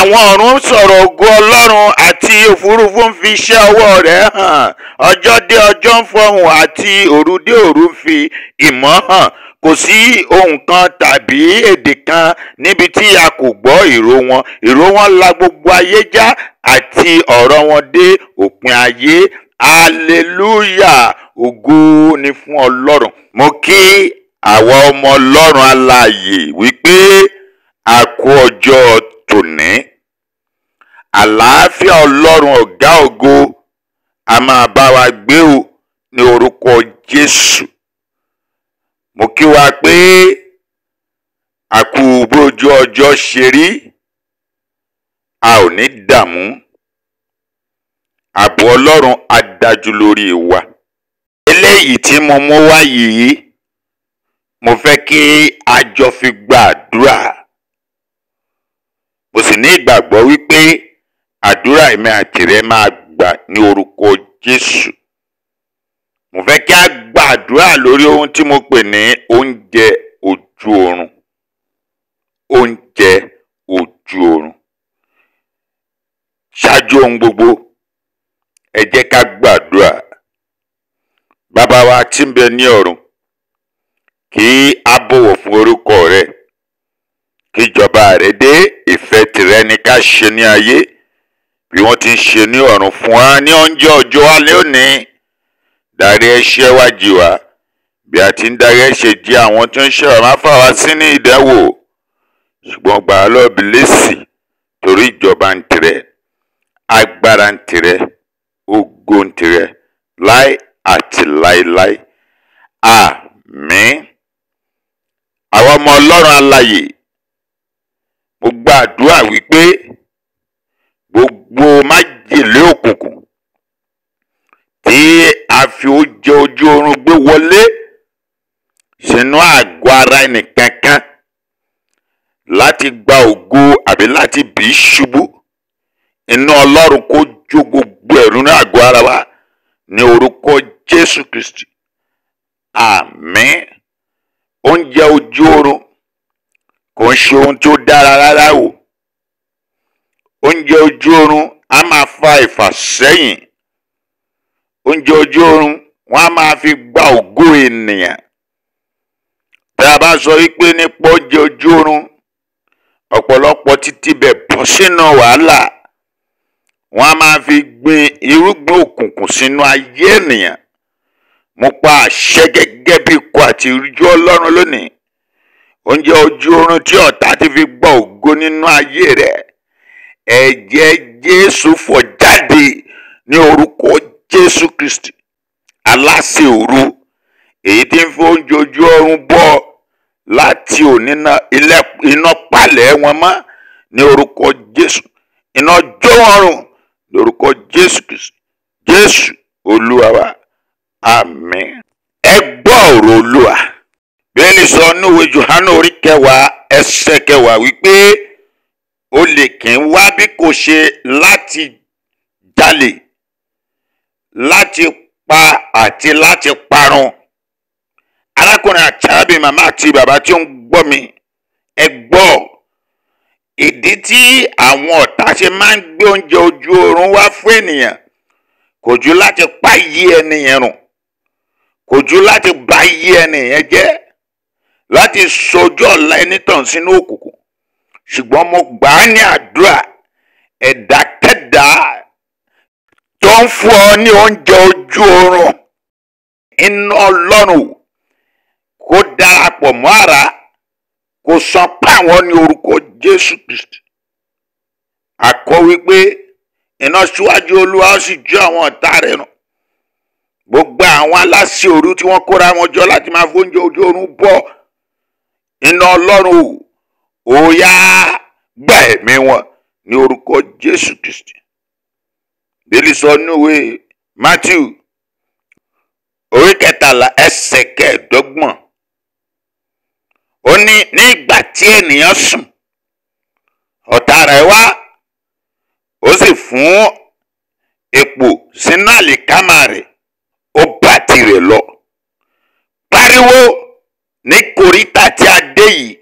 àwọn ọ̀run ń sọ̀rọ̀ ògo ọlọ́run àti òfurufú ń fi iṣẹ́ ọwọ́ rẹ̀ hàn ọjọ́ dé ọjọ́ ń fọhùn àti òru dé òru ń fi ìmọ̀ hàn kò sí ohun kan tàbí èdè kan níbi tí a kò gbọ́ ìró wọn ìró wọn la gbogbo ayé já àti ọ̀rọ̀ wọn dé òpin ayé aleluya ògo ni fún ọlọ́run mo kí àwa ọmọ ọlọ́run alààyè wípé a kú ọjọ́ tòní àlàáfíà ọlọ́run ọ̀gá ògo a máa bá wa gbé o ní orúkọ jésù mo kí wa pé a kú bójú ọjọ́ ṣe rí a ò ní dààmú ààbò ọlọ́run á dájú lórí wa eléyìí tí mo mú wá yìí mo fẹ́ kí a fi gbàdúrà mo sì ní ìgbàgbọ́ wípé. àdúrà èmi àti rẹ máa gbà ní orúkọ Jésù mo fẹ́ kí a gba àdúrà lórí ohun tí mo pè ní oúnjẹ ojú oorun oúnjẹ ojú oorun ṣáájú ohun gbogbo ẹ jẹ́ ká gbàdúrà bàbá wa tí ń bẹ ní ọ̀run kí a bọ̀wọ̀ fún orúkọ rẹ kíjọba rẹ dé ìfẹ́ tìrẹ ni ká ṣe ní ayé. bí wọ́n ti ń ṣe ní ọ̀run fún wa ní ọjọ́ ọjọ́ alẹ́ òní dárí ẹ̀ṣẹ̀ wa jì wá bí a ti ń dárí ẹ̀ṣẹ̀ jì àwọn tó ń ṣẹ̀wá má fà wá sí ní ìdánwò ṣùgbọ́n gbà á lọ́ọ̀bì lẹ́sì torí ìjọba ń tirẹ̀ agbára ń tirẹ̀ ògo ń tirẹ̀ láì àti láéláé àmín àwọn ọmọ ọlọ́run alààyè mo gbàdúrà wípé gbogbo májèlé òkùnkùn tí a fi ó jẹ ojú oorun gbé wọlé sínú àgọ́ ara ẹnìkankan láti gba ògo àbí láti bì í ṣubú iná ọlọ́run kó jó gbogbo ẹ̀rù ní àgọ́ ara wa ní orúkọ Jésù Kristi àmín oúnjẹ ojú oorun kò ń ṣe ohun tó dára rárá o oúnjẹ ojú oorun á máa fa ìfàsẹ́yìn oúnjẹ ojú oorun wọ́n á máa fi gba ògo ènìyàn tá a bá sọ wípé nípa oúnjẹ ojú oorun ọ̀pọ̀lọpọ̀ títí bẹ̀ bọ́ sínú wàhálà wọ́n á máa fi gbin irúgbìn òkùnkùn sínú ayé ènìyàn mo pa àṣẹ gẹ́gẹ́ bí ikọ̀ àti ìrújú ọlọ́run lónìí oúnjẹ ojú oorun tí ọ̀tá ti fi gba ògo nínú ayé rẹ̀ ẹ̀jẹ̀ jésù fọ̀ jáde ní orúkọ jésù kristi aláṣẹ òru èyí tí ń fi oúnjẹ ojú ọrùn bọ́ láti òní iná palẹ̀ wọn mọ́ ní orúkọ jésù iná jó wọn ní orúkọ jésù kristi jésù olúwa wa àmín ẹ gbọ́ ọ̀rọ̀ olúwa bẹ́ẹ̀ ni sọ níwèé johannu orí kẹwàá ẹsẹ̀ kẹwàá wípé. olè kì í wá bí kò ṣe láti jalè láti pa àti láti parun arákùnrin àti arábìnrin màmá àti bàbá tí ó ń gbọ́ mi ẹ gbọ́ ìdí tí àwọn ọ̀tá ṣe máa ń gbé oúnjẹ ojú oorun wá fún ènìyàn kò ju láti pa iye ènìyàn run kò ju láti bà iye ènìyàn jẹ́ láti sojú ọ̀la ẹni tàn sínú òkùnkùn ṣùgbọ́n mo gbà á ní àdúrà ẹ̀dákẹ́dá tó ń fún ọ ní oúnjẹ ojú oorun iná ọlọ́run kó darapọ̀ mọ́ ara kó san páwọn ní orúkọ Jésù Kristi àkọ wípé iná síwájú olúwa ó sì jó àwọn ọ̀tá rẹ̀ nù gbogbo àwọn aláṣẹ òru tí wọ́n kóra wọn jọ láti máa fóúnjẹ ojú oorun bọ̀ iná ọlọ́run o. Oya yá gbà ẹ̀mí wọn ní orúkọ jésù kristi bíbélì sọ níwé matthew orí kẹtàlá ẹsẹ̀ kẹẹ̀dọ́gbọ̀n ó ní nígbà tí ènìyàn sùn ọ̀tá rẹ̀ wá ó sì fún epo sínú àlìkámà rẹ̀ ó bá tirẹ̀ lọ pariwo ní kòríta tí a dé yìí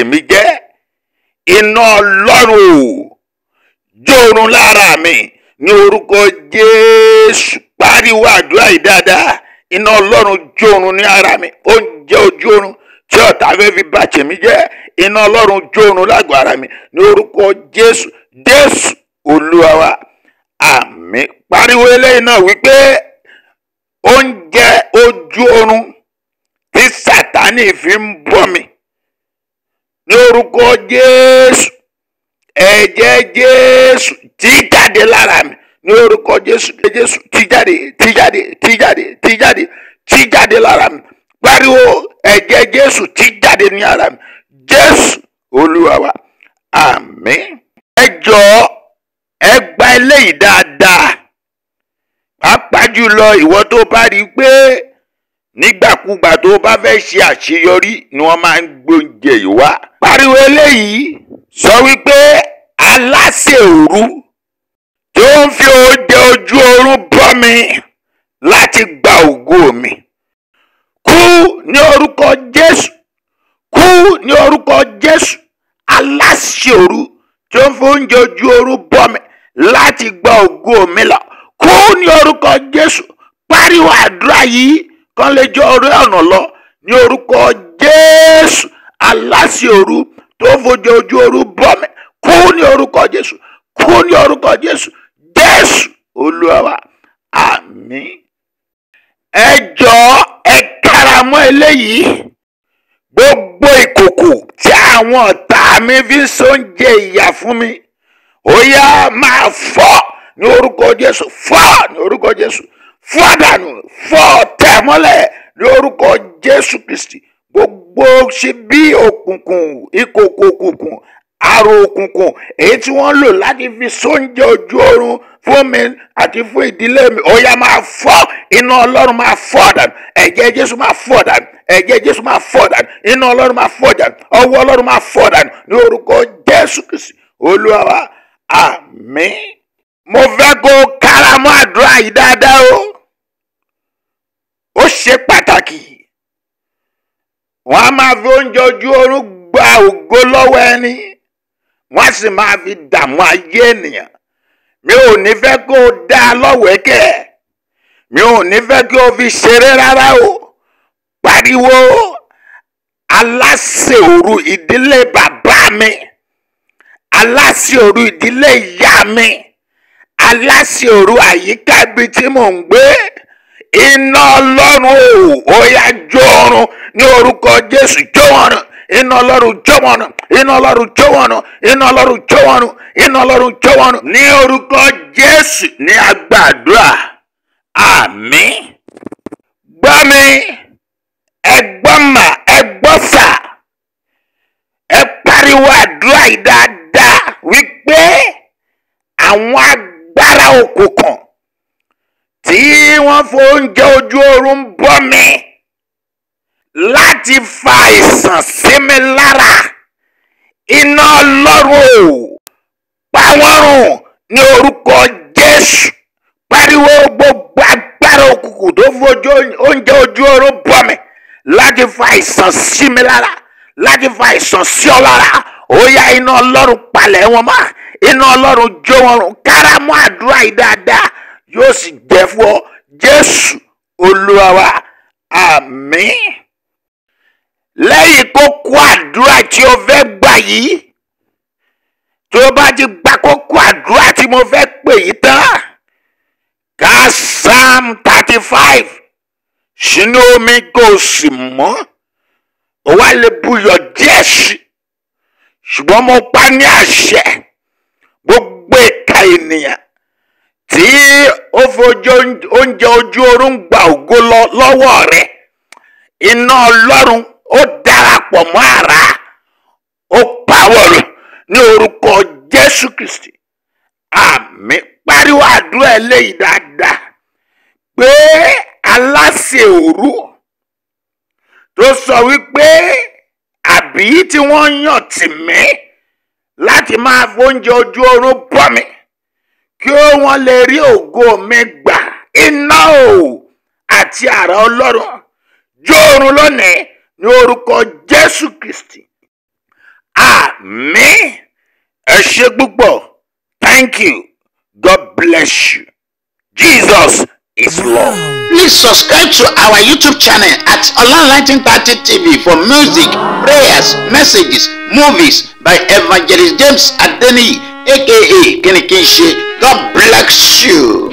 tèmi jẹ́ iná ọlọ́run ò jórun lára mi ní orúkọ jésù pariwo àdúrà yìí dáadáa iná ọlọ́run jórun ní ara mi oúnjẹ ojú oorun tí ọ̀tá fẹ́ fi bà tèmi jẹ́ iná ọlọ́run jórun lágọ̀ọ́ ara mi ní orúkọ jésù jésù olúwa wa àmín pariwo eléyìí náà wípé oúnjẹ ojú oorun tí sátánì fi ń bọ́ mi lórúkọ jésù ẹ̀jẹ̀ jésù tí jáde lára mi ní orúkọ jésù jésù tí jáde tí jáde tí jáde tí jáde tí jáde lára mi pariwo ẹ̀jẹ̀ jésù tí jáde ní ara mi jésù olúwa wa ẹ jọ̀ọ́ ẹ gba eléyìí dáadáa pàápàá jùlọ ìwọ tó bá rí i pé nígbàkúgbà tó bá fẹ́ ṣe àṣeyọrí ni wọ́n máa ń gbóúnjẹ yìí pariwo eléyìí sọ wípé aláṣẹ òru tí ó ń fi oúnjẹ ojú oorun bọ́ mi láti gba ògo mi kú ní orúkọ Jésù kú ní orúkọ Jésù aláṣẹ òru tí ó ń fi oúnjẹ ojú oorun bọ́ mi láti gba ògo mi lọ kú ní orúkọ Jésù pariwo àdúrà yìí kan lè jọ orí ọ̀nà lọ ní orúkọ Jésù aláṣẹ òru tó fojú ojú òru bọ́mẹ́ kú ní orúkọ jésù kú ní orúkọ jésù jésù olúwa àmín ẹ jọ̀ọ́ ẹ karamọ́ eléyìí gbogbo ìkòkò tí àwọn ọ̀tá mi fi ń sóúnjẹ ìyà fún mi ó yá máa fọ́ ní orúkọ jésù fọ́ ní orúkọ jésù fọ́ dànù fọ́ tẹ̀ ní orúkọ jésù kristi gbogbo ṣe bí òkùnkùn ìkòkò òkùnkùn àrò òkùnkùn èyí tí wọ́n lò láti fi sóúnjẹ ojú oorun fún mi àti fún ìdílé mi ọ̀yà máa fọ́ iná ọlọ́run máa fọ́ dànù ẹ̀jẹ̀ jésù máa fọ́ dànù ẹ̀jẹ̀ jésù máa fọ́ dànù iná ọlọ́run máa fọ́ dànù ọwọ́ ọlọ́run máa fọ́ dànù ní orúkọ jésù kìsì olúwa wa mo fẹ́ kó o àdúrà yìí dáadáa o ó ṣe pàtàkì wọ́n á máa fi oúnjẹ ojú oorun gba ògo lọ́wọ́ ẹni wọ́n á sì máa fi dààmú ayé ènìyàn mi ò ní fẹ́ kó o dá a lọ́wẹ́kẹ́ mi ò ní fẹ́ kí o fi ṣeré rárá o pariwo aláṣẹ òru ìdílé bàbá mi aláṣẹ òru ìdílé ìyá mi aláṣẹ òru àyíká ibi tí mò ń gbé. iná ọlọ́run oya ó yá jó ọrùn ní orúkọ jésù jó ọrùn iná ọlọ́run jó ọrùn iná ọlọ́run jó iná ọlọ́run jó iná ọlọ́run ní orúkọ jésù ẹ pariwo àdúrà yìí dáadáa wípé àwọn agbára òkùnkùn. wọ́n f'oúnjẹ ojú oorun ń bọ́ mi láti fa àìsàn sí mi lára iná ọlọ́run ò pa wọ́n run ní orúkọ Jésù pariwo gbogbo agbára òkùnkùn tó fojú oúnjẹ ojú oorun bọ́ mi láti fa àìsàn sí mi lára láti fa àìsàn sí ọ lára ó yá iná ọlọ́run palẹ̀ wọn mọ́ iná ọlọ́run jó wọn run kárámọ́ àdúrà yìí dáadáa yóò sì jẹ́ fún ọ jésù olúwa wa àmín lẹ́yìn kókó àdúrà tí o fẹ́ gbà yìí tí o bá ti gba kókó àdúrà tí mo fẹ́ pè yìí tán ká psalm thirty five sínú omi kò sì mọ́ o wá lè buyọ̀ díẹ̀ sí ṣùgbọ́n mo pa ní àṣẹ gbogbo ìka ènìyàn tí ó fojú oúnjẹ ojú oorun gba ògo lọ lọ́wọ́ rẹ̀ iná ọlọ́run ó darapọ̀ mọ́ ara ó pàwọ̀rù ní orúkọ jésù kristi àmì pariwo àdúrà eléyìí dáadáa pé aláṣẹ òru tó sọ wípé àbíyí tí wọ́n yàn tì mí láti máa ojú oorun kí wọ́n lè rí ògo mi gbà iná o àti àrà ọlọ́run jóorun lónìí ní orúkọ Jésù Kristi àmín ẹ ṣé púpọ̀ thank you God bless you Jesus is love. Please subscribe to our YouTube channel at olanilantin Thirty TV for music, prayers, messages, movies by Evangelist James Adeniyi aka Kinikinse. God bless you.